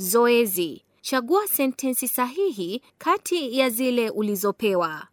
Zoezi: chagua sentensi sahihi kati ya zile ulizopewa.